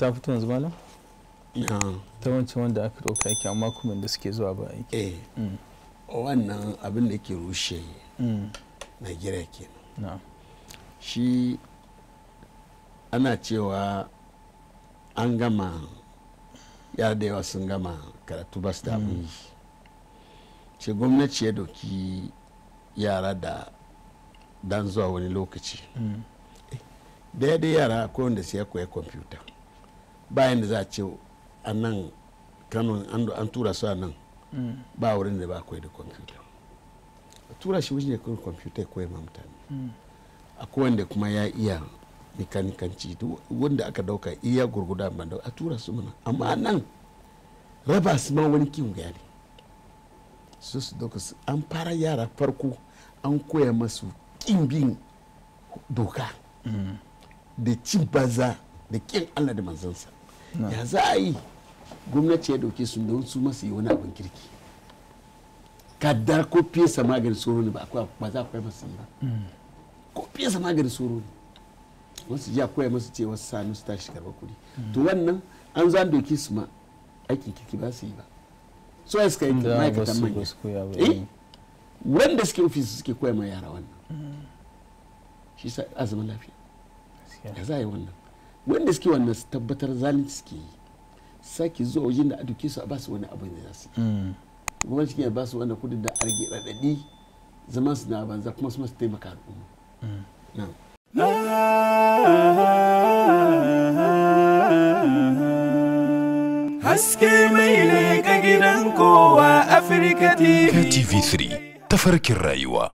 ta fito yanzu malam ta wancan wanda aka ɗauka aiki amma kuma da suke zuwa ba aiki eh mm. wannan abin da ke rushe mm. nigeria kenan shi ana cewa an gama ya da yawa sun gama karatu ba su damu mm. yi ce gwamnati ya doki yara da dan zuwa wani lokaci daidai eh, yara ko wanda sai ya koya kwamfuta bayan da za a ce a nan kano an tura su a nan mm. ba wurin da ba akwai da kwamfuta a tura shi wajen yakin kwamfuta ya koya ma mutane mm. kowane da kuma ya iya mekanikanci wanda aka dauka iya gurguda ba a tura su mana amma nan raba su ma wani kiwon gari su su dauka su an fara yara farko an koya masu kin bin doka mm. da cin baza da kin allah da manzansa ya za a yi gwamnati ya dauke su don su masu yi wani abin kirki kaddar ko fesa maganin tsoro ne ba za a koya masu yi ba mm. ko fesa maganin tsoro ne wasu a kwaya masu cewa wasu sanu su tashi karɓar kuɗi mm. to wannan an zan doki su ma aikin kirki ba su yi ba so ya suka yi ma'aikatan manya eh? Eh. wanda suke ofis suke koya ma yara wannan mm. shi sa azumin lafiya ya za a yi wannan wanda suke wannan su tabbatar zalunci suke yi sake zuwa wajen da a su a basu wani abu ne za su kuma shi ya basu wani kudin da arge raɗaɗi zama su na banza kuma su masu taimaka al'umma. Hmm. Haske mai leka gidan kowa Afirka TV. 3 tafarkin rayuwa.